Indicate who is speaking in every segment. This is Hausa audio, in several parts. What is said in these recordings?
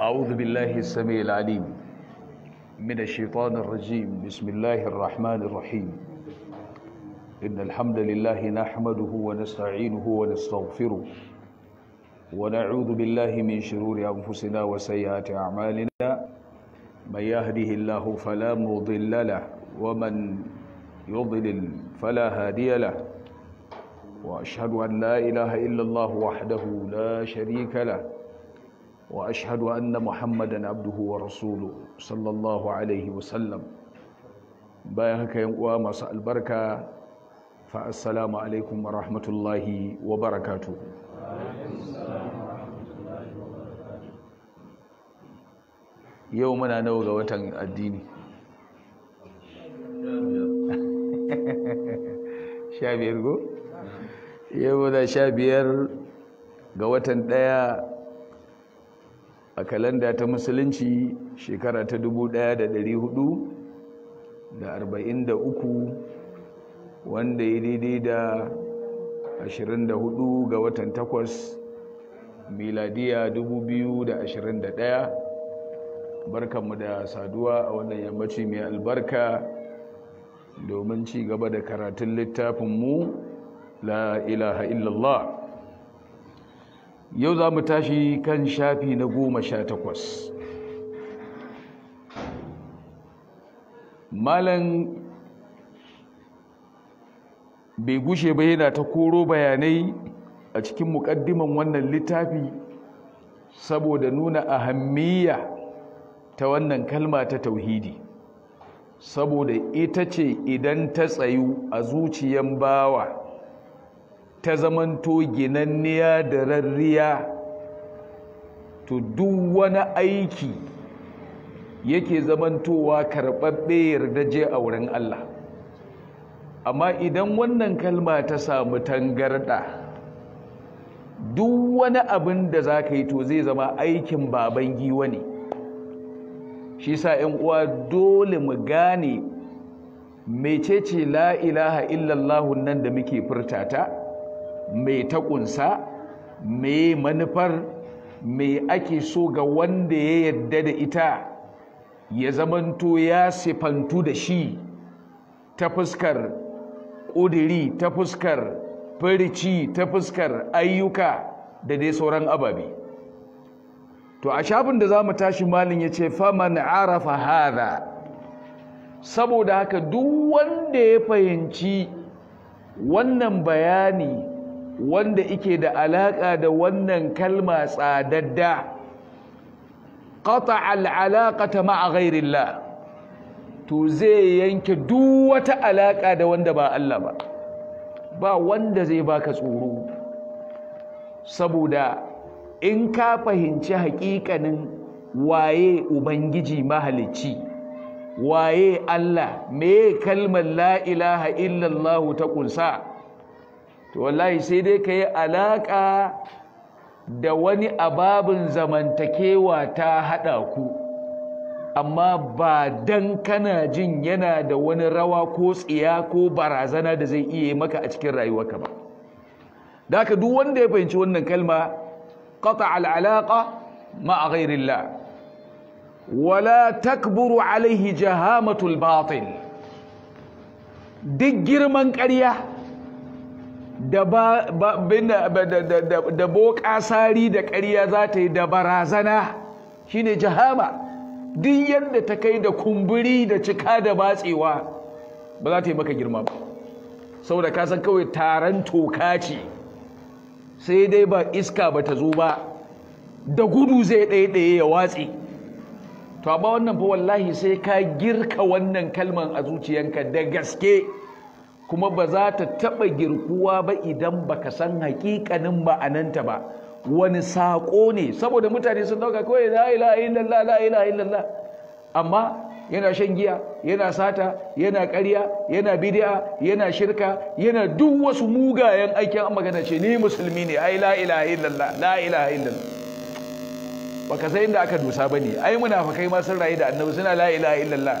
Speaker 1: أعوذ بالله السميع العليم من الشيطان الرجيم بسم الله الرحمن الرحيم إن الحمد لله نحمده ونستعينه ونستغفره ونعوذ بالله من شرور أنفسنا وسيئات أعمالنا من يهده الله فلا مضل له ومن يضلل فلا هادي له وأشهد أن لا إله إلا الله وحده لا شريك له واشهد ان محمدا عبده ورسوله صلى الله عليه وسلم bayan haka yan uwa masu albarka fa assalamu alaikum wa rahmatullahi wa barakatuh yau muna nawa ga watan addini sha biyar go yau muna sha biyar ga watan daya a kalanda ta musulunci shekara ta 1443 wanda ya daidai da 24 ga watan 8 miladiya 2021 barkanmu da saduwa a wannan yammaci mai albarka domin ci gaba da karatun littafinmu la ilaha illallah yau za mu tashi kan shafi na goma sha takwas malan bai gushe ba yana ta koro bayanai a cikin mukaddiman wannan littafi saboda nuna ahammiya ta wannan kalma ta tauhidi saboda ita ce idan ta tsayu a zuciyan bawa ta zamanto ginanniya da rarriya to duk wani aiki yake zamantowa karɓaɓɓe je a wurin Allah amma idan wannan kalma ta samu tangarɗa duk wani abin da za ka yi to zai zama aikin baban giwa ne shi sa uwa dole mu gane mecece la ilaha illallahun nan da muke furtata mai ta ƙunsa mai manufar mai ake so ga wanda ya yadda da ita ya zamanto ya sifantu da shi ta fuskar ƙudiri ta fuskar farici ta fuskar ayyuka da dai sauran ababe to a shafin da za mu tashi malin ya ce faman arafa hada saboda haka duk wanda ya fahimci wannan bayani wanda ike da alaƙa da wannan kalma tsadadda qata al'alaqata ma'a ghairillah to zai yanke duk wata alaƙa da wanda ba Allah ba ba wanda zai baka tsoro saboda in ka fahimci haƙiƙanin waye ubangiji mahalicci waye Allah mai kalmar la ilaha illallah ta ƙunsa to wallahi sai dai ka yi alaƙa da wani ababin zamantakewa ta haɗa ku amma ba dan kana jin yana da wani rawa ko tsiya ko barazana da zai iya maka a cikin rayuwarka ba da haka duk wanda ya fahimci wannan kalma qata al'alaqa ma la. wala takburu alaihi jahamatul batil duk girman ƙarya da boƙa sari da ƙarya za ta yi da barazana shine jahama duk yadda ta kai da kumburi da cika da batsewa ba za ta yi maka girma ba saboda ka san kawai taron toka ce sai dai ba iska ba ta zo ba da gudu zai ɗaiɗaye ya watse to amma wannan fa wallahi sai ka girka wannan kalman a zuciyanka da gaske kuma ba za ta taɓa girkuwa ba idan ba ka san haƙiƙanin ma'ananta ba wani saƙo ne saboda mutane sun dauka kawai la ilaha illallah la ilaha illallah amma yana shan giya yana sata yana ƙarya yana bid'a yana shirka yana duk wasu mugayen aikin amma gana ce ni musulmi ne ai la ilaha illallah la ilaha illallah baka sai inda aka dosa bane ai munafikai ma sun rayu da annabi suna la ilaha illallah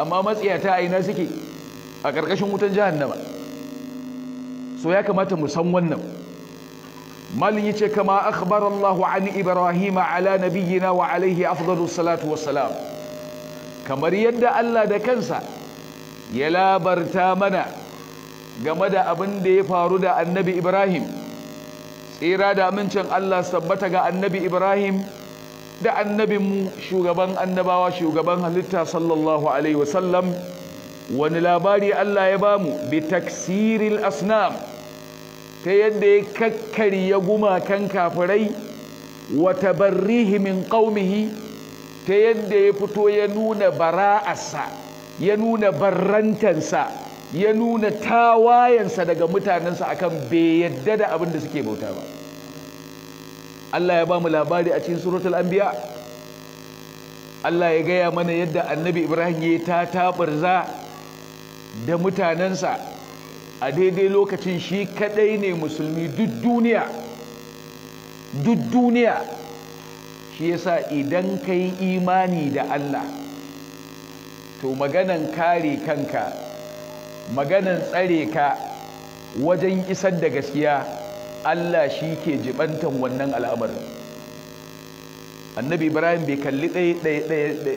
Speaker 1: amma matsiyata aina suke a ƙarƙashin wutan jahannama so ya kamata mu san wannan malin yace kama akhbarallahu an ibrahima ala nabiyyina wa alaihi afdalus salatu wassalam kamar yadda Allah da kansa ya labarta mana game da abin da ya faru da annabi ibrahim tsira da amincin Allah sabbata ga annabi ibrahim da annabinmu shugaban annabawa shugaban halitta sallallahu alaihi wasallam wani labari Allah ya bamu bi taksiril asnam ta yadda ya kakkarya gumakan kafirai wa tabarrihi min qaumihi ta yadda ya fito ya nuna bara'arsa ya nuna barrantansa ya nuna tawayensa daga mutanensa akan bai yadda da abin da suke bauta ba Allah ya ba mu labari a cikin suratul anbiya Allah ya gaya mana yadda annabi Ibrahim ya ta taɓarza da mutanensa a daidai lokacin shi kadai ne musulmi duk duniya duk duniya shi yasa idan ka yi imani da Allah to maganan kare kanka maganan tsare ka wajen isar da gaskiya Allah shi ke jibantan wannan al'amarin annabi ibrahim bai kalli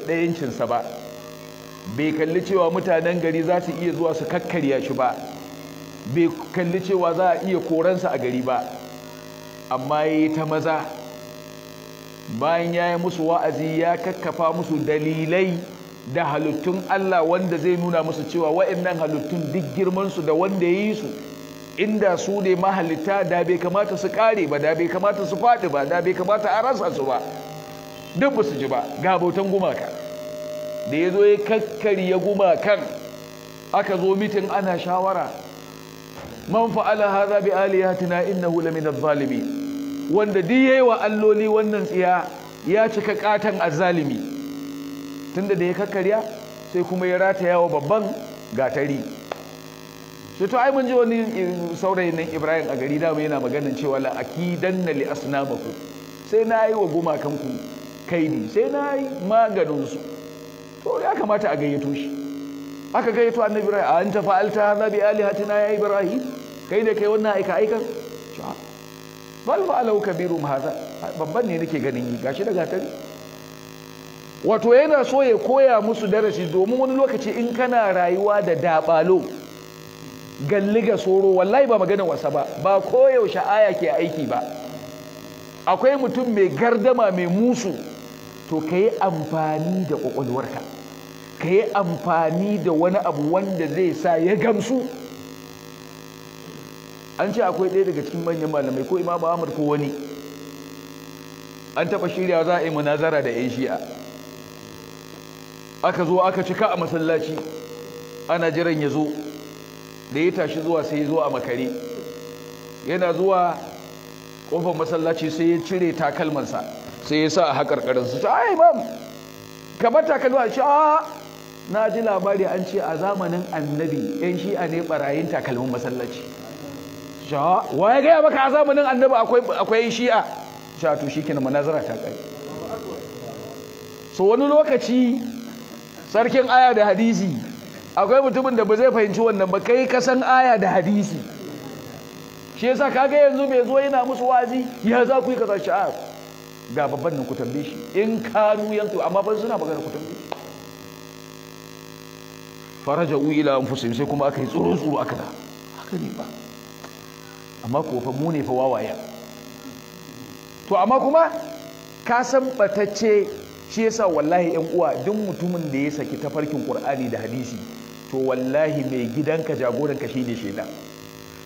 Speaker 1: ɗayancinsa ba bai kalli cewa mutanen gari za su iya zuwa su kakkarya shi ba bai kalli cewa za a iya koransa a gari ba amma ya yi ta maza bayan ya yi musu wa'azi ya kakkafa musu dalilai da halittun Allah wanda zai nuna musu cewa wa'annan halittun duk girmansu da wanda ya yi su inda su ne mahalitta da bai kamata su kare ba da bai kamata su faɗi ba da bai kamata a rasa su ba duk ba su ji ba ga bautan gumaka da ya zo ya kakkari ya guma kan aka zo mitin ana shawara man fa'ala hadha bi alihatina innahu lamin adh-dhalimin wanda ya yayi wa alloli wannan tsiya ya cika katan azzalimi tunda da ya kakkarya sai kuma ya rataya wa babban gatari sai to ai mun ji wani saurayin nan Ibrahim a gari da yana maganin cewa la akidanna li ku sai na yi wa gumakan ku ne sai na yi maganin su to ya kamata a gayyato shi aka gayyato annabi ibrahim an ta fa'alta hadha bi alihatina ya ibrahim kai ne kai wannan aika aikan bal fa'alau kabirum hadha babban ne nake ganin yi gashi daga tare wato yana so ya koya musu darasi domin wani lokaci in kana rayuwa da dabalo galli ga soro wallahi ba magana wasa ba ba koyaushe aya ke aiki ba akwai mutum mai gardama mai musu to ka yi amfani da ƙwaƙwalwarka ka yi amfani da wani abu wanda zai sa ya gamsu an ce akwai ɗaya daga cikin manyan malamai ko imamu ahmad ko wani an taɓa shirya za a yi munazara da 'yan shi'a aka zo aka cika a masallaci ana jiran ya zo da ya tashi zuwa sai ya zo a makare yana zuwa ƙofar masallaci sai ya cire takalmansa sai ya sa a haƙarƙarin su ta ai imam ka bata ka zuwa shi na ji labari an ce a zamanin annabi yan shi'a ne barayin takalmin masallaci sha wa ya gaya maka a zamanin annabi akwai shi'a sha to ta kai so wani lokaci sarkin aya da hadisi akwai mutumin da ba zai fahimci wannan ba kai kasan aya da hadisi shi yasa kaga yanzu mai zo yana musu wazi ya za ku yi kaza sha'a ga babban nan ku tambaye shi in kanu yanto amma ban suna magana ku tambaye shi faraja u ila anfusihim sai kuma aka yi tsoro tsoro aka da haka ne ba amma ko fa mu ne fa wawaye to amma kuma ka san batacce shi yasa wallahi yan uwa duk mutumin da ya saki tafarkin qur'ani da hadisi to wallahi mai gidanka jagoranka shine shedan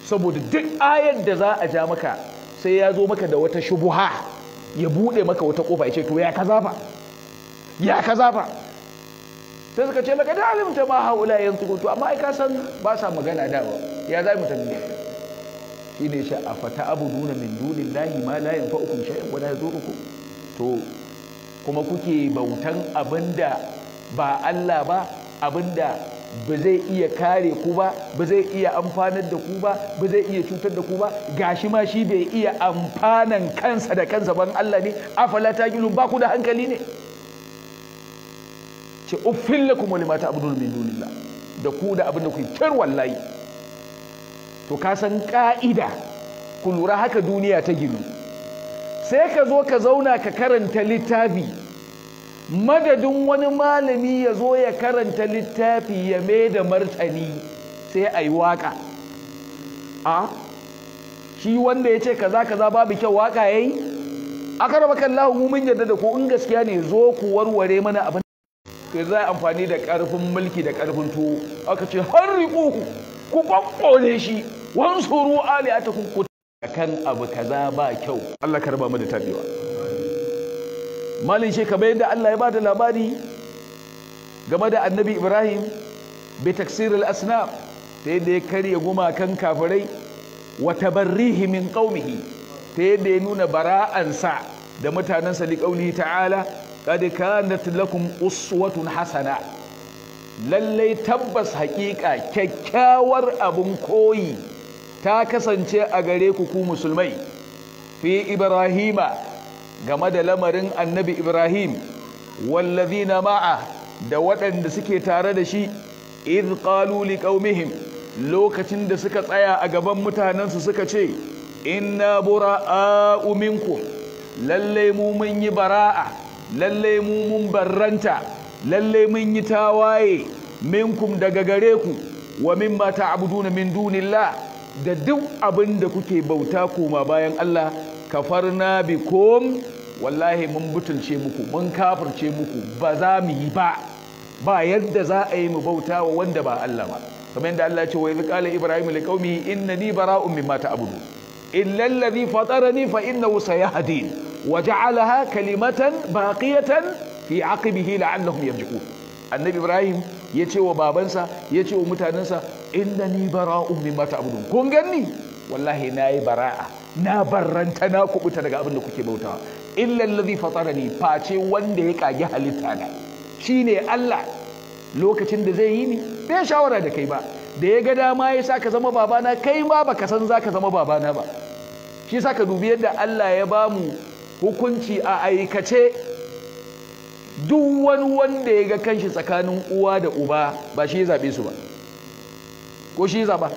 Speaker 1: saboda duk ayar da za a ja maka sai ya zo maka da wata shubuha ya buɗe maka wata kofa ya ce to ya ka zafa ya ka zafa sai suka ce maka da alimta ma haula yantiku to amma ai ka san ba sa magana da ba ya za mu tambaye shi ne sha afata fata abuduna min dunillahi ma la yanfa'ukum shay'un wa la yadurukum to kuma kuke bautan abinda ba Allah ba abinda ba zai iya kare ku ba ba zai iya amfanar da ku ba ba zai iya cutar da ku ba gashi ma shi bai iya amfanan kansa da kansa ban Allah ne afala gilu ba ku da hankali ne ce uffin lakum wa limata abdul min dunillah da ku da abin da ku kyar wallahi to ka san ka'ida ku lura haka duniya ta gilu sai ka zo ka zauna ka karanta littafi madadin wani malami ya zo ya karanta littafi ya mai da martani sai a yi waka a shi wanda ya ce kaza kaza babu kyau waka ya yi a karaba kallahu mu mun yarda da ko in gaskiya ne zo ku warware mana abin to za a amfani da karfin mulki da karfin tuwo aka ce har riƙo ku ne shi Wani tsoro ali kun ku kan abu kaza ba kyau Allah karba mu da tabewa malin shi kamar yadda Allah ya bada labari game da annabi Ibrahim bi taksir al ta yadda ya karya gumakan kafirai wa tabarrihi min qaumihi ta yadda ya nuna bara'ansa da mutanensa li qauli ta'ala qad kanat lakum uswatun hasana lallai tabbas haƙiƙa kyakkyawar abun koyi ta kasance a gare ku ku musulmai fi ibrahima game da lamarin annabi ibrahim wallazina ma'a da waɗanda suke tare da shi iz qalu liqaumihim lokacin da suka tsaya a gaban mutanensu suka ce inna bura'a'u minkum lallai mu mun yi bara'a lallai mu mun barranta lallai mun yi tawaye minkum daga gare ku wa mimma ta'buduna min dunillah da duk abin da kuke bauta koma bayan Allah kafarna bikum wallahi mun butulce muku mun kafirce muku ba za mu yi ba ba yadda za a yi mu bauta wa wanda ba Allah ba kamar yadda Allah ce wa yadda kala ibrahim liqaumihi innani bara'un mimma ta'budu illa alladhi fatarani fa innahu sayahdin wa ja'alaha kalimatan baqiyatan fi aqibihi la'allahum yarji'un annabi ibrahim ya ce wa babansa ya ce wa mutanensa innani bara'un mimma ta'budun kun ganni wallahi na yi bara'a na barranta na kubuta daga abin da kuke bautawa illa allazi ne face wanda ya kage halitta na ne Allah lokacin da zai yi ni bai shawara da kai ba da ya ga dama ya sa ka zama babana kai ma baka san zaka zama babana ba shi sa ka dubi yadda Allah ya bamu hukunci a aikace duk wani wanda ya ga kanshi tsakanin uwa da uba ba shi ya zaɓe su ba ko shi ya zaɓa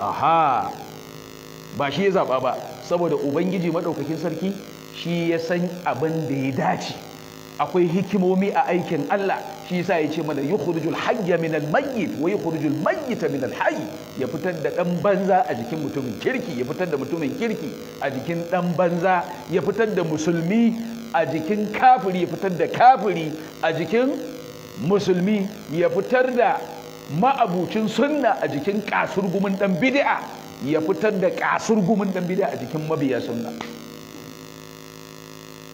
Speaker 1: aha ba shi ya zaɓa ba saboda ubangiji maɗaukakin sarki shi ya san abin da ya dace akwai hikimomi a aikin Allah shi yasa ya ce mana yukhrijul hayya min al-mayyit wa yukhrijul mayyita min al ya fitar da dan banza a jikin mutumin kirki ya fitar da mutumin kirki a jikin dan banza ya fitar da musulmi a jikin kafiri ya fitar da kafiri a jikin musulmi ya fitar da ma'abucin sunna a jikin kasurgumin dan bid'a ya fitar da kasur gumin dan bid'a a jikin mabiya sunna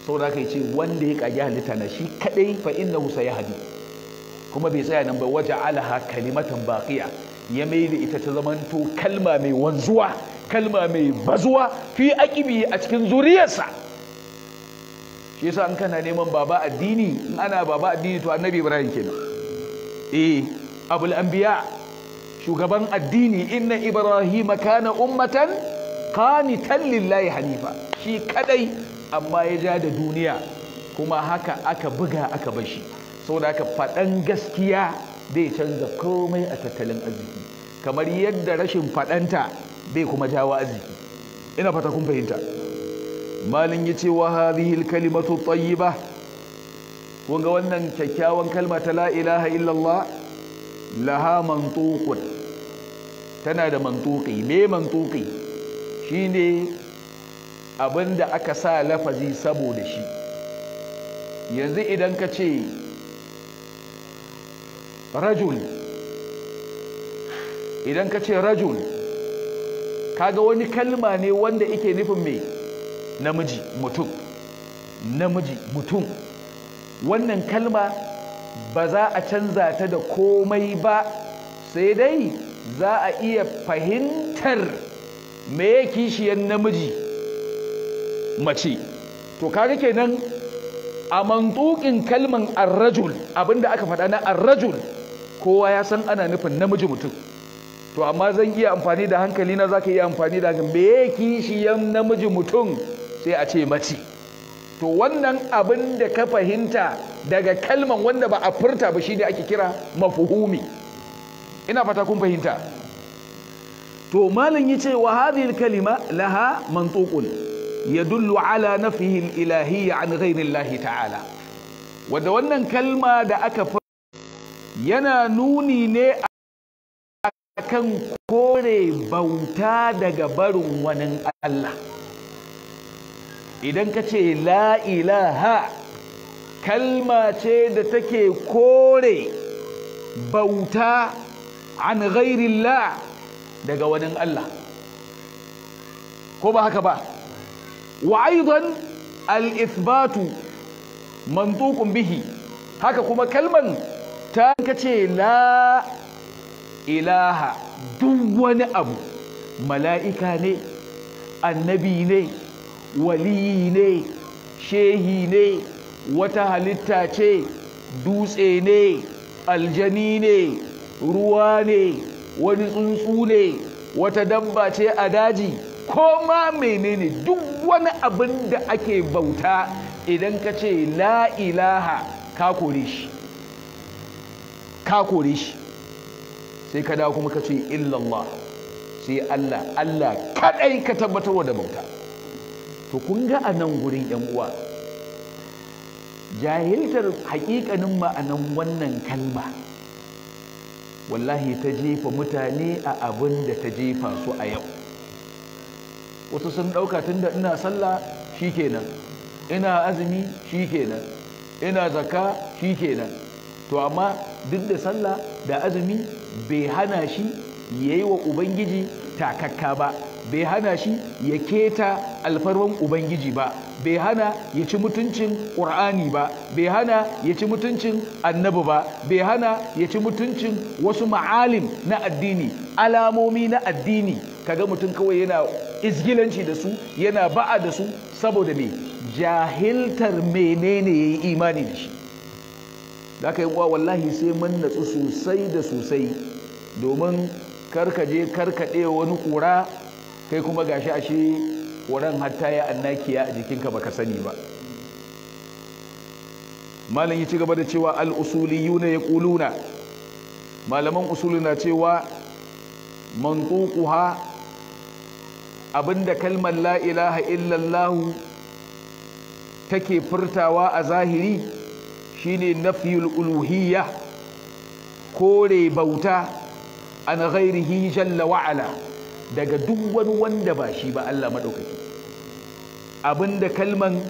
Speaker 1: saboda kai ce wanda ya kage halitta na shi kadai fa innahu sayahdi kuma bai tsaya nan ba waje waja'alaha kalimatan baqiya ya mai da ita ta zamanto kalma mai wanzuwa kalma mai bazuwa fi aqibi a cikin zuriyarsa shi yasa an kana neman baba addini in ana baba addini to annabi ibrahim kenan eh abul anbiya shugaban addini inna ibrahima kana ummatan qanitan lillahi hanifa shi kadai amma ya ja da duniya kuma haka aka buga aka bashi saboda haka faɗan gaskiya bai canza komai a tattalin arziki kamar yadda rashin faɗanta bai kuma jawo arziki ina fata kun fahimta malin ya ce wa hadhihi kalimatu tayyiba kun ga wannan kyakkyawan kalma ta la ilaha illallah laha mantuqun tana da mantuƙi me mantuƙi ne abin da aka sa lafazi saboda shi yanzu idan ka ce rajul idan ka ce rajul kaga wani kalma ne wanda ike nufin mai namiji mutum namiji mutum wannan kalma ba za a canza ta da komai ba sai dai za a iya fahimtar me kishiyar namiji mace to kaga kenan a mantukin kalman arrajul abinda aka faɗa na arrajul kowa ya san ana nufin namiji mutum to amma zan iya amfani da hankali na zaka iya amfani da me kishiyar namiji mutum sai a ce mace to wannan abin da ka fahimta daga kalman wanda ba a furta ba shi shine ake kira mafuhumi ina fata kun fahimta to malin yace wa hadhihi kalima laha mantuqun yadullu ala nafihi al-ilahiyya an ghayri Allah ta'ala wanda wannan kalma da aka yana nuni ne akan kore bauta daga barin wani Allah idan ka ce la ilaha kalma ce da take kore bauta an ghairillah daga wani Allah ko ba haka ba wa aidan al-ithbatu mantuqun bihi haka kuma kalman ta kace la ilaha duk wani abu mala'ika ne annabi ne wali ne shehi ne wata halitta ce dutse ne aljani ne ruwa ne wani tsuntsu ne wata dabba ce a daji ko ma menene duk wani abin da ake bauta idan ka ce la ilaha ka kore shi ka kore shi sai ka dawo kuma ka ce illallah sai Allah Allah kadai ka wa da bauta to kun ga a nan gurin yan uwa jahiltar hakikanin ma'anan wannan kalma wallahi ta jefa mutane a abin da ta jefa su a yau wasu sun ɗauka tun da ina sallah shi kenan ina azumi shi kenan ina zaka shi kenan to amma duk da sallah da azumi bai hana shi ya yi wa ubangiji takakka ba bai hana shi ya keta alfarman ubangiji ba bai hana ya ci mutuncin ƙur'ani ba bai hana ya ci mutuncin annabi ba bai hana ya ci mutuncin wasu ma'alim na addini alamomi na addini kaga mutum kawai yana izgilanci da su yana ba'a da su saboda me jahiltar menene ya yi imani da shi da aka yi wallahi sai mun natsu sosai da sosai domin karkaje karkaɗe wani ƙura kai kuma gashi shi wurin hatta ya annakiya a jikinka baka sani ba malam ya ci gaba da cewa al ya ƙuluna, malaman usuli na cewa mantuquha abinda kalmar la ilaha illallah take furtawa a zahiri shine nafyul uluhiyya kore bauta an ghairihi jalla wa'ala daga duk wani wanda ba shi ba Allah maɗaukaki abinda kalman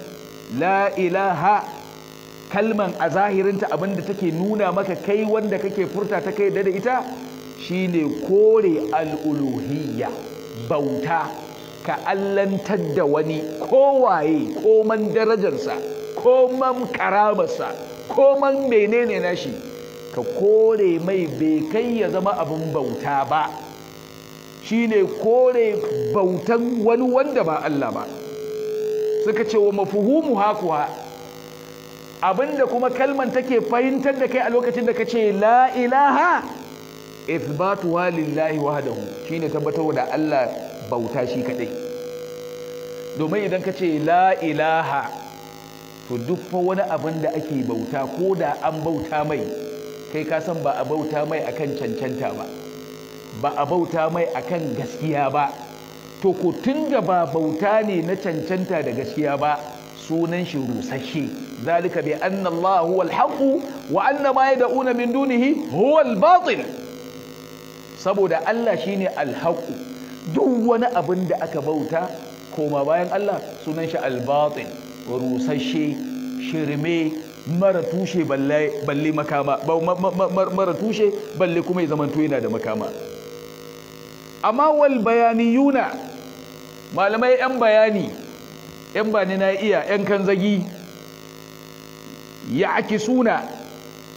Speaker 1: la kalman a zahirinta abinda take nuna maka kai wanda kake furta ta kai da ita shine kore al'uluhiyya bauta ka allantar da wani kowaye koman darajarsa koman karamarsa koman menene nashi ka kore mai bai kai ya zama abin bauta ba shine kore bautan wani wanda ba Allah ba suka ce wa mafuhumu hakuwa abinda kuma kalman take fahimtar da kai a lokacin da kace la ilaha wa lillahi wahdahu shine tabbatarwa da Allah bauta shi kadai domin idan kace la ilaha to duk fa wani abin da ake bauta ko da an bauta mai kai ka san ba a bauta mai a kan cancanta ba ba a bauta mai akan gaskiya ba to ko tun da ba bauta ne na cancanta da gaskiya ba sunan shi rusashe zalika bi anna Allah huwa al-haqq wa anna ma yad'una min dunihi huwa al-batil saboda Allah shine al-haqq duk wani abin da aka bauta koma bayan Allah sunan shi al-batil rusashe shirme mara tushe balle makama mara tushe balle kuma ya zamanto yana da makama amma wal bayaniyuna malamai yan bayani yan bani na iya yan kanzagi ya aki suna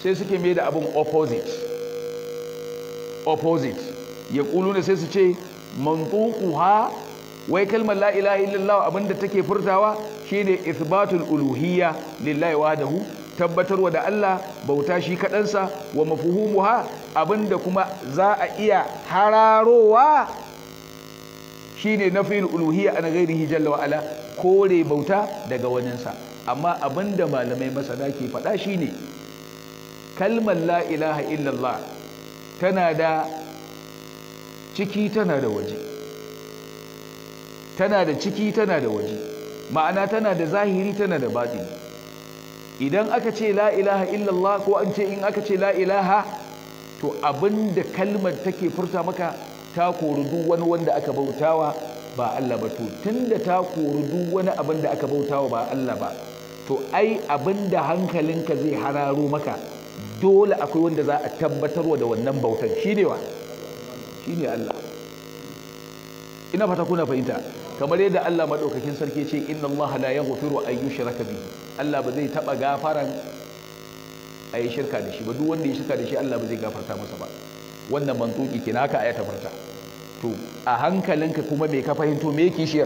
Speaker 1: sai suke mai da abin opposite opposite ya kuluna sai su ce ha wai kalmar la'ilahi ilaha abinda take furtawa shine ithbatul uluhiyya lillahi hu tabbatarwa da Allah bauta shi kaɗansa wa mafuhumuha abinda kuma za a iya hararowa shine nafil uluhiyya an ghairihi jalla wa kore bauta daga waninsa amma abinda malamai masana ke faɗa shine kalmar Lailaha illallah tana da ciki tana da waje tana da ciki tana da waje ma'ana tana da zahiri tana da batini idan aka ce la ilaha illallah ko an ce in aka ce la ilaha to abinda kalmar take furta maka ta kori duk wani wanda aka bautawa ba Allah ba to tunda ta kori duk wani abin da aka bautawa ba Allah ba to ai abinda hankalinka zai hararo maka dole akwai wanda za a tabbatarwa da wannan bautan shine wa shine Allah ina fata kuna fahimta kamar yadda Allah maɗaukakin sarki ce inna Allah la yaghfiru an yushraka bihi Allah ba zai taba gafaran a yi shirka da shi ba duk wanda ya shirka da shi Allah ba zai gafarta masa ba wannan mantuki ke naka aya ta farta to a hankalinka kuma me ka fahimto me kishiyar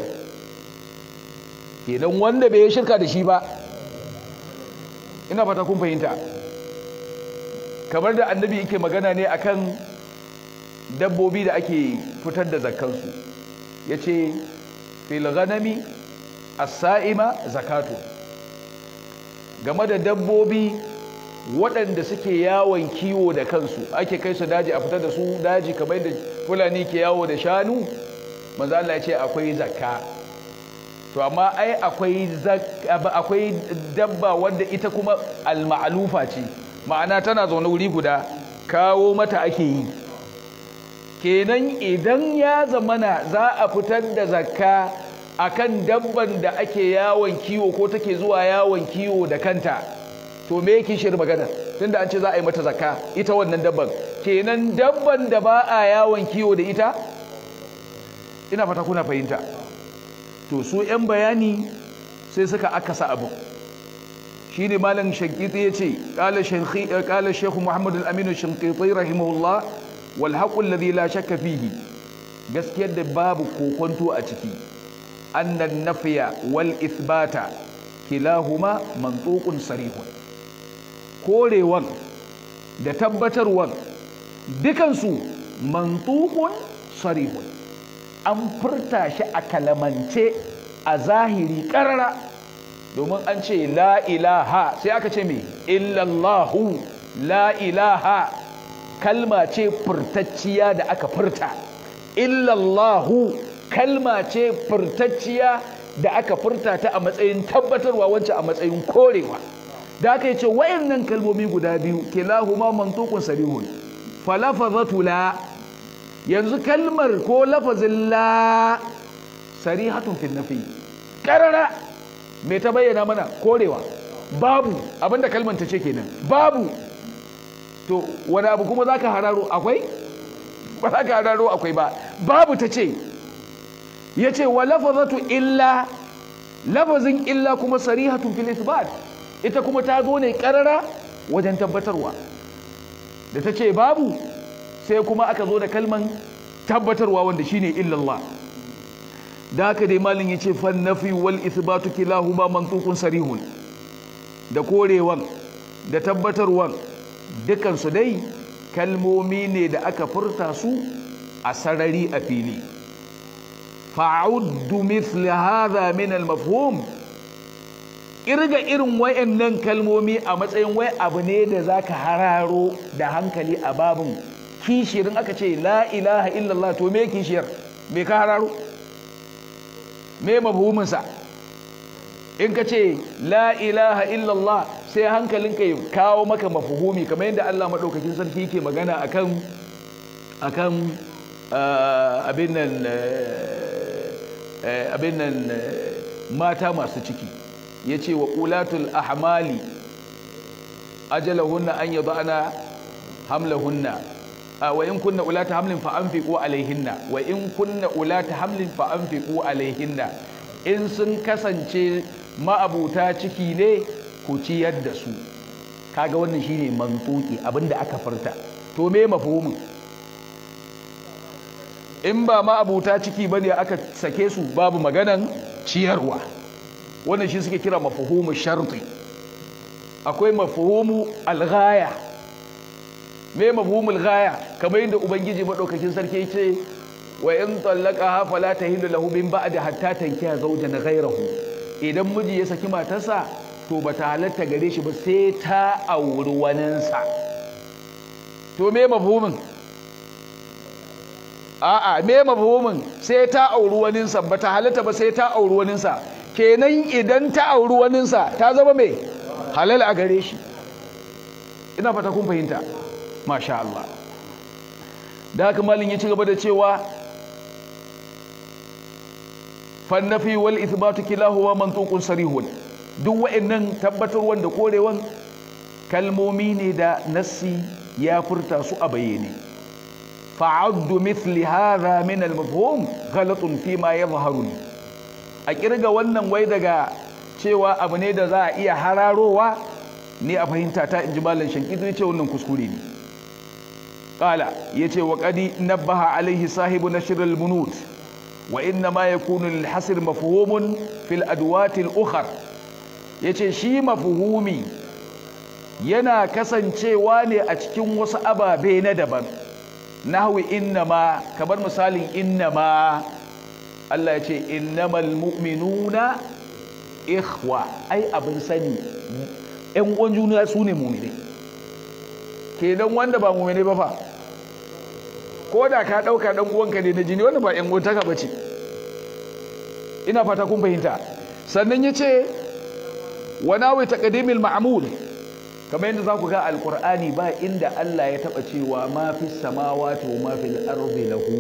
Speaker 1: kenan wanda bai shirka da shi ba ina fata kun fahimta kamar da annabi yake magana ne akan dabbobi da ake fitar da zakkansu ya ce fil ghanami as-sa'ima zakatu game da dabbobi waɗanda suke yawon kiwo da kansu ake kai su daji a fita da su daji kamar da fulani ke yawo da shanu manzo Allah ya ce akwai zakka to amma ai akwai akwai dabba wanda ita kuma al-ma'lufa ce ma'ana tana zaune wuri guda kawo mata ake yi kenan idan ya zamana za a fitar da zakka akan dabban da ake yawon kiwo ko take zuwa yawon kiwo da kanta to me yake shirin magana tunda an ce za a yi mata zakka ita wannan dabban kenan dabban da ba a yawon kiwo da ita ina fata kuna fahimta to su 'yan bayani sai suka akasa abu shi ne malam shankiti ya ce ƙala shekhu muhammadu aminu shankiti rahimahullah wal haqqul ladhi la shakka fihi gaskiyar da babu kokonto a ciki annan fiya wal isbata, kilahuma mantuqun sarihun korewan da tabbatarwan dukansu mantsuƙun sarihun an furta shi a kalamance a zahiri karara domin an ce la ilaha sai aka ce me illallahu la ilaha kalma ce furtacciya da aka furta illallahu kalma ce furtacciya da aka furta ta a matsayin tabbatarwa wacce a matsayin korewa da aka yi ce wayannan kalmomi guda biyu lahuma mantukun sarihun falafazatu la yanzu kalmar ko lafazin la sarihatun fil nafi karara me ta bayyana mana korewa babu abinda kalmar ta ce kenan babu to wani abu kuma za ka hararo akwai ba za ka hararo akwai ba babu ta ce ya ce wa lafazatu illa lafazin illa kuma sarihatun fil ba ita kuma ta zo ne karara wajen tabbatarwa da ta ce babu sai kuma aka zo da kalman tabbatarwa wanda shine illallah da aka dai malin ya ce fannafi wal isbatu kilahuma mantuqun sarihun da korewan da tabbatarwan dukansu dai kalmomi ne da aka furta su a sarari a fili fa'uddu mithli hadha min al-mafhum irin wayannan kalmomi a matsayin wai abu ne da zaka hararo da hankali a babun kishirin aka ce la ilaha illallah to me kishiyar me ka hararo me mafhumin sa in ka ce la ilaha illallah sai ka ya kawo maka mafuhumi kamar yadda Allah maɗaukakin sarki yake magana akan akan abin nan eh, eh, abin nan eh, mata masu ciki ya ce wa ƙulatul ahmali ajalahunna an yaba ana hamlahunna wa in kunna ulata hamlin fa anfiqu alaihinna wa in kunna ulata hamlin fa anfiqu alaihinna in sun kasance ma'abuta ciki ne ku ciyar da su kaga wannan shine mantsuki abinda aka furta to me mafhumin in ba ma'abuta ciki bane aka sake su babu maganan ciyarwa wannan shi suke kira mafhumu sharti akwai mafhumu alghaya me mafhumul alghaya kamar yadda ubangiji madaukakin sarki yace wa in tallaqaha fala tahillu lahu min ba'da hatta tankiya zawjan ghayrahu idan miji ya saki matarsa to ba ta halatta gare shi ba sai ta auri waninsa to me mafhumin a'a me mafhumin sai ta auri waninsa ba ta halatta ba sai ta auri waninsa kenan idan ta auri waninsa ta zama mai halal a gare shi ina fata kun fahimta masha Allah da haka malin ya ci gaba da cewa fannafi wal ithbatu kilahuwa mantuqun sarihun duk wa'annan tabbatarwan da korewan kalmomi ne da nassi ya furta su a bayyane fa'addu mithli hadha min al-mafhum ghalatun fi ma yadhharu a kirga wannan wai daga cewa abu ne da za a iya hararowa ne a fahimta ta inji shan shankiti ce wannan kuskure ne qala yace wa qadi nabbaha alaihi sahibu nashr al-bunut wa inna ma yakunu lil hasr mafhumun fil adwat al yace shi mafhumi yana kasancewa ne a cikin wasu ababe na daban nahwi inna ma kamar misalin inna ma Allah yace muminu na ikhwa ai abin sani ƴan uwan juna su ne mu'mini don wanda ba mu'mini ba fa ko da ka ɗauka ɗan uwanka ne na jini wani ba yan uwantaka ba ce ina fata kun fahimta sannan ya ce wa nawi taqdimil ma'mul kamar yadda za ku ga alkur'ani ba inda Allah ya taɓa cewa ma fi samawati wa ma fi al'arzi lahu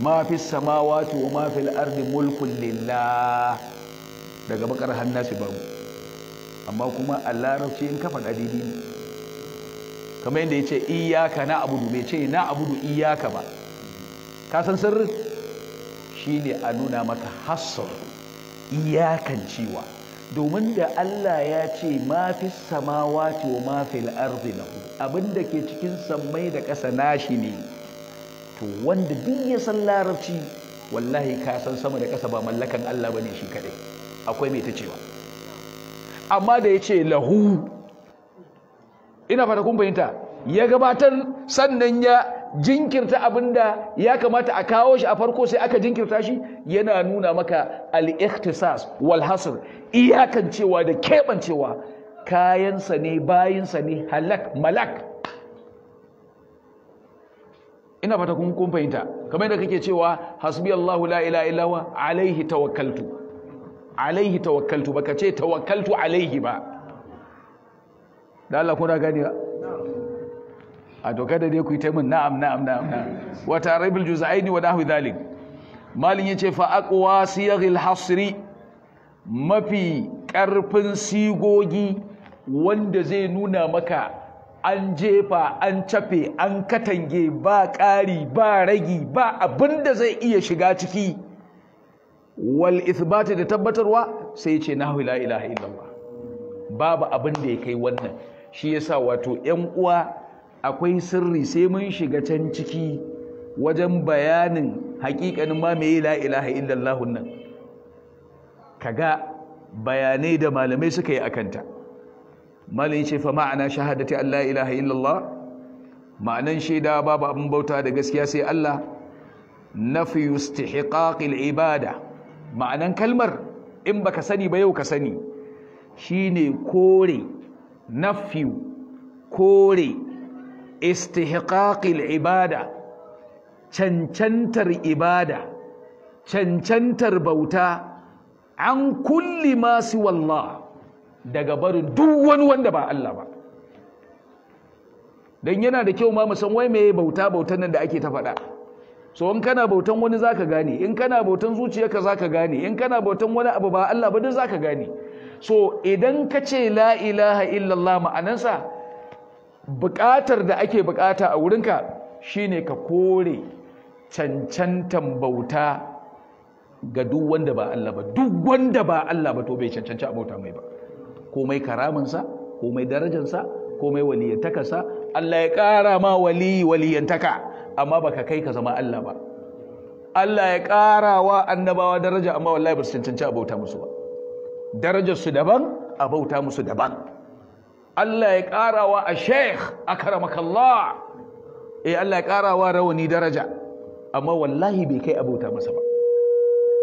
Speaker 1: ma fi samawati wa ma fi al'arzi mulkun lillah daga bakar hannu babu amma kuma a larabci in kafa ɗadidi ne kamar yadda ya ce iyaka na abudu mai ce na abudu iyaka ba ka san sirri? Shi ne a nuna maka hassar iyakan cewa domin da Allah ya ce ma fi ce wa mafi al'arzi na Abin abinda ke cikin sammai da ƙasa nashi ne to wanda duk ya san larabci wallahi ka san sama da ƙasa ba mallakan Allah bane shi kadai akwai mai ta cewa amma da ya ce lahu ina fata kun fahimta ya gabatar sannan ya jinkirta abinda ya kamata a kawo shi a farko sai aka jinkirta shi yana nuna maka al-ikhtisas wal hasr cewa da kebancewa kayansa ne bayinsa ne halak malak ina fata kun kun fahimta kamar yadda kake cewa hasbi Allahu la ilaha illa huwa alaihi tawakkaltu alaihi tawakkaltu baka ce tawakkaltu alaihi ba da Allah kuna gani ba a to kada dai ku yi taimun na'am na'am na'am wa taribul juz'aini wa nahwi dhalik malin yace fa aqwa siyaghil hasri mafi karfin sigogi wanda zai nuna maka an jefa an cafe an katange ba ƙari ba ragi ba abinda zai iya shiga ciki wal ithbati da tabbatarwa sai ya ce nahwi la ilaha illallah babu abinda ya kai wannan shi yasa wato 'yan uwa akwai sirri sai mun shiga can ciki wajen bayanin haƙiƙanin ma mai la ilaha illallah nan kaga bayanai da malamai suka yi akanta malin ce fa ma'ana shahadati an la ilaha illallah ma'anan shaida babu abin bauta da gaskiya sai Allah nafi istihqaqil ibada ma'anan kalmar in baka sani ba yau ka sani shine kore nafiyu kore istihqaqil ibada cancantar ibada cancantar bauta an kulli masu wallah daga barin duk wani wanda ba Allah ba don yana da kyau ma musan wai mai bauta bautan nan da ake ta faɗa so in kana bautan wani zaka gane in kana bautan zuciyarka zaka gane in kana bautan wani abu ba Allah ba duk zaka gane so idan ka ce la ilaha illallah ma'anansa buƙatar da ake buƙata a wurinka shine ka kore cancantan bauta ga duk wanda ba Allah ba duk wanda ba Allah ba to bai cancanci a bauta mai ba komai karaminsa komai darajansa komai waliyantakarsa Allah ya ƙara ma wali waliyantaka amma baka kai ka zama Allah ba Allah ya ƙara wa annabawa daraja amma wallahi ba su cancanci a bauta musu ba darajarsu daban a bauta musu daban Allah ya ƙarawa a sheikh akaramakallah eh Allah ya ƙarawa rawani daraja amma wallahi bai kai abauta masa ba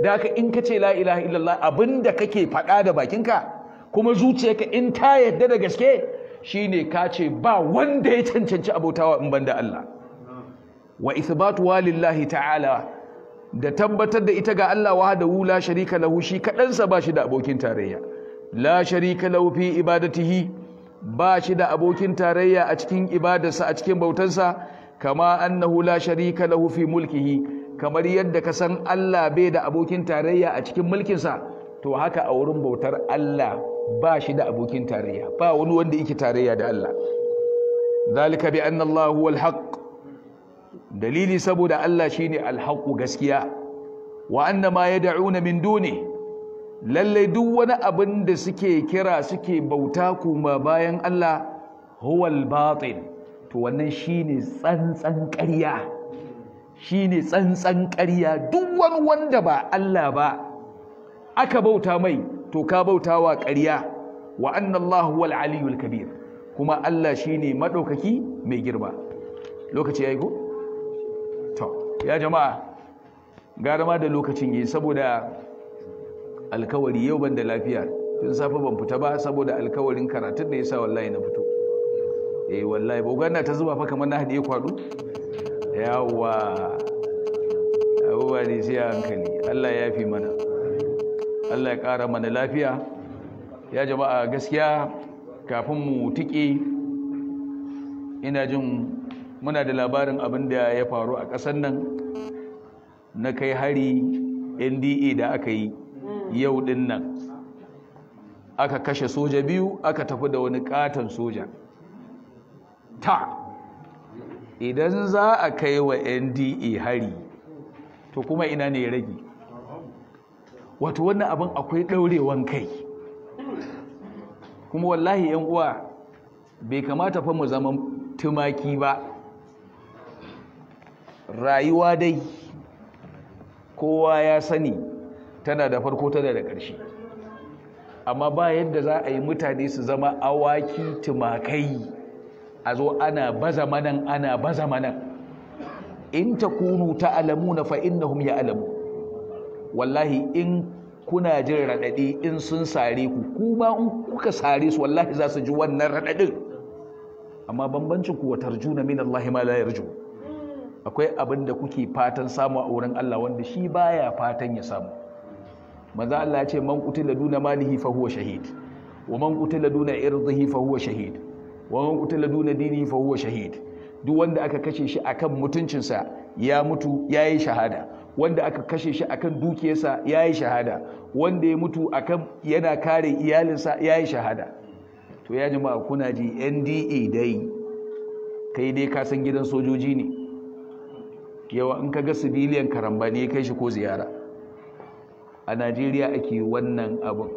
Speaker 1: da haka in ka ce la ilaha illallah abinda kake faɗa da bakinka kuma zuciyarka in ta yadda da gaske shine ka ce ba wanda ya cancanci abautawa in banda Allah wa ithbatu walillahi ta'ala da tabbatar da ita ga Allah wahdahu la sharika lahu shi kadansa ba shi da abokin tarayya la sharika lahu fi ibadatihi ba shi da abokin tarayya a cikin ibadarsa a cikin bautansa kama annahu la sharika lahu fi mulkihi kamar yadda ka san Allah bai da abokin tarayya a cikin mulkinsa to haka a wurin bautar Allah ba shi da abokin tarayya ba wani wanda yake tarayya da Allah zalika bi anna wal huwal haqq dalili saboda Allah shine alhaqu gaskiya wa annama yad'una min duni lalle duk wani abin da suke kira suke bauta kuma bayan Allah huwal batil to wannan shine tsantsan ƙarya shine tsantsan ƙarya duk wani wanda ba Allah ba aka bauta mai to ka bautawa ƙarya wa anna Allah aliyul kabir kuma Allah shine madaukaki mai girma lokaci yayi ko to ya jama'a gara ma da lokacin yi saboda alkawari yau ban da lafiya tun safe ban fita ba saboda alkawarin karatun da ya sa wallahi na fito eh wallahi ba bogana ta zuba fa kamar na hadiye kwado yawa abubuwa ne siya hankali Allah ya fi mana Allah ya ƙara mana lafiya ya jama'a gaskiya kafin mu tike ina jin muna da labarin abin da ya faru a ƙasar nan na kai hari nda da aka yi yau din nan aka kashe soja biyu aka tafi da wani katon soja ta idan za a kai wa nda hari to kuma ina ne rage wato wannan abin akwai ɗaurewan kai kuma wallahi 'yan uwa bai kamata fa mu zama tumaki ba rayuwa dai kowa ya sani tana da farko tana da ƙarshe amma ba yadda za a yi mutane su zama awaki tumakai a zo ana baza manan ana baza manan in ta kunu ta alamu na na ya alamu wallahi in kuna jin raɗaɗi in sun sare ku kuma in kuka sare su wallahi za su ji wannan raɗaɗin amma bambancin ku wa tarjuna min Allah ma la akwai abin da kuke fatan samu a wurin Allah wanda shi baya fatan ya samu Maza Allah ya ce man qutila duna malihi fa huwa shahid wa man qutila duna irzihi fa huwa shahid wa man qutila duna dinihi fa huwa shahid duk wanda aka kashe shi akan mutuncinsa ya mutu yayi shahada wanda aka kashe shi akan dukiyarsa yayi shahada wanda ya mutu akan yana kare iyalinsa yayi shahada to ya jama'a kuna ji NDA dai kai dai ka san gidan sojoji ne yawa in ka ga sibiliyan karamba ne kai shi ko ziyara a najeriya ake wannan abin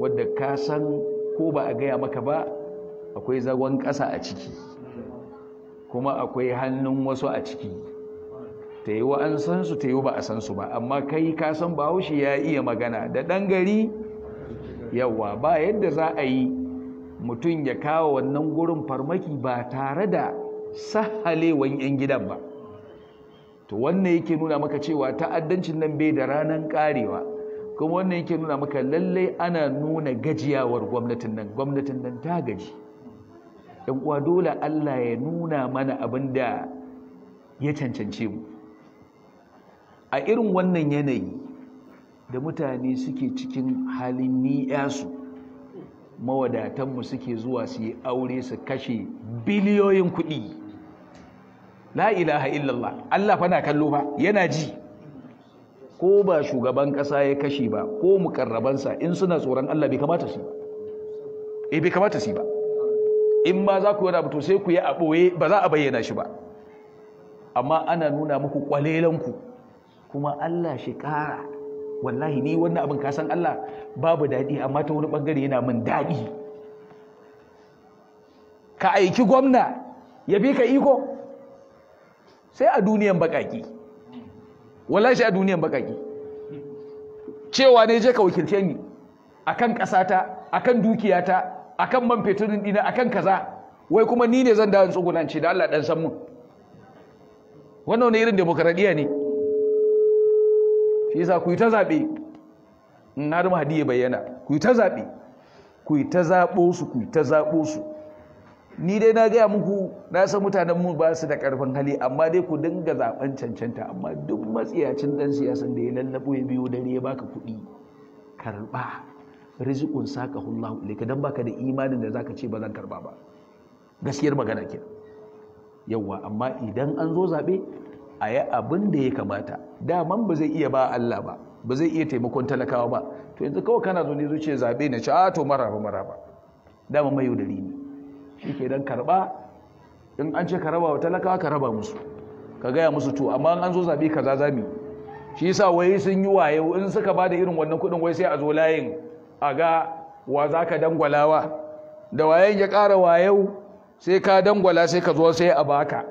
Speaker 1: wadda ka san ko ba a gaya maka ba akwai zagon ƙasa a ciki kuma akwai hannun wasu a ciki ta yi wa an san su ta yi ba a san su ba amma kai ka san ba bahaushe ya iya magana da ɗan gari yawa ba yadda za a yi mutum ya kawo wannan gurin farmaki ba tare da sahalewan 'yan gidan ba to wannan yake nuna maka cewa ta'addancin nan bai da ranan karewa kuma wannan yake nuna maka lallai ana nuna gajiyawar gwamnatin nan gwamnatin nan ta gaji ɗan uwa dole Allah ya nuna mana abin da ya cancance mu a irin wannan yanayi da mutane suke cikin halin ni'yasu mawadatanmu suke zuwa su yi aure su kashe biliyoyin kuɗi la ilaha illallah Allah fa na kallo ba yana ji ko ba shugaban kasa ya kashe ba ko mukarrabansa in suna tsoron Allah bai kamata su eh bai kamata su ba in ma za ku yi rabu to sai ku yi a ɓoye ba za a bayyana shi ba amma ana nuna muku kwalelanku kuma Allah shi ƙara wallahi ni wannan abin kasan Allah babu daɗi amma ta wani bangare yana min daɗi ka aiki gwamna ya bi ka iko sai a duniyan bakaki wallahi sai a duniyan bakaki cewa ne je ka wakilce ni akan kasata akan dukiyata akan man fetirin dina akan kaza wai kuma ni ne zan dawo tsugunanci da Allah dan san mun wannan wani irin demokradiya ne shi yasa ku yi ta zabe na da mahdi ya bayyana ku yi ta zabe ku yi ta zabo su ku yi ta zabo su ni dai na gaya muku na san mutanen mu ba su da karfin hali amma dai ku dinga zaɓen cancanta amma duk matsiyacin ɗan siyasan da ya lallabo ya biyo dare ya baka kuɗi karba rizikun saka Allahu ilayka dan baka da imanin da zaka ce ba zan karba ba gaskiyar magana ke Yawwa, amma idan an zo zaɓe a yi abin da ya kamata daman ba zai iya ba Allah ba ba zai iya taimakon talakawa ba to yanzu kawai kana zo ne zuciya zaɓe na ci a ah, to maraba maraba dama mai yau da ne shi ke don karɓa in an ce ka raba wa talakawa ka raba musu ka gaya musu to amma an zo zaɓe kaza zami shi yasa wai sun yi waye in suka ba da irin wannan kuɗin wai sai a zo layin a ga wa za ka dangwalawa da wayen ya ƙara wayau sai ka dangwala sai ka zo sai a baka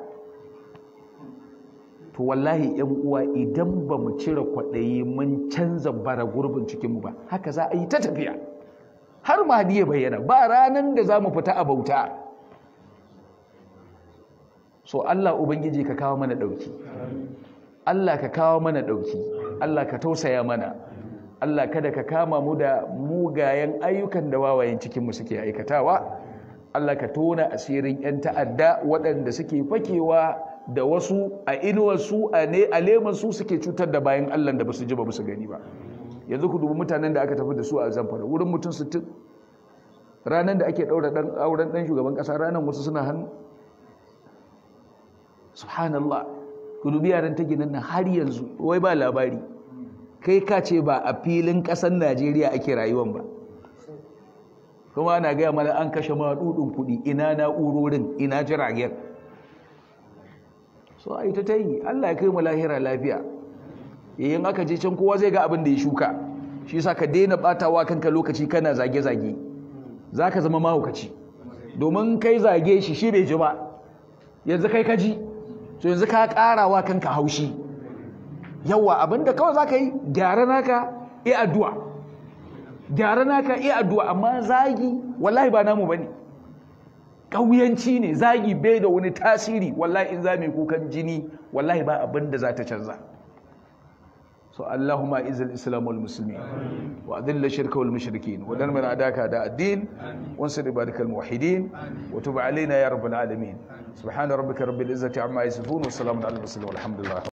Speaker 1: to wallahi yan uwa idan ba mu cire kwaɗayi mun canza bara gurbin cikinmu ba haka za a yi ta tafiya har mahdi ya bayyana ba ranan da za mu fita a bauta so Allah ubangiji ka kawo mana dauki Allah ka kawo mana ɗauki. Allah ka tausaya mana Allah kada ka kama mu da mugayen ayyukan da wawayen cikin mu suke aikatawa Allah ka tona asirin yan ta'adda waɗanda suke fakewa da wasu a inuwarsu a ne a lemansu suke cutar da bayan Allah da basu ji ba basu gani ba yanzu ku dubi mutanen da aka tafi da su a zamfara wurin mutum tun ranar da ake ɗaura ɗan auren dan shugaban kasa ranar wasu suna hannu subhanallah ku dubi yaran ta ginin nan har yanzu wai ba labari kai ka ce ba a filin ƙasar najeriya ake rayuwan ba kuma ana gaya mana an kashe maɗuɗin kuɗi ina na'urorin ina jiragen so a yi ta ta yi allah ya kai mu lahira lafiya yayin eh, aka je can kowa zai ga abin da ya shuka shi yasa ka daina batawa kanka lokaci kana zage zage zaka zama mahaukaci domin kai zage shi shi bai ji ba yanzu kai kaji ji to yanzu ka karawa kanka haushi yawa abinda kawai zaka yi gyara naka eh addu'a gyara naka yi addu'a amma zagi wallahi ba namu bane ƙauyanci ne zagi bai da wani tasiri wallahi in za mai kukan jini wallahi ba abinda da za ta canza so Allahumma izil islam wal muslimin wa adilla shirka wal mushrikin wa mana adaka da addin wansur ibadakal muwahhidin wa tub alaina ya rabbal alamin subhana rabbika rabbil izzati amma yasifun wa salamun alal mursalin walhamdulillah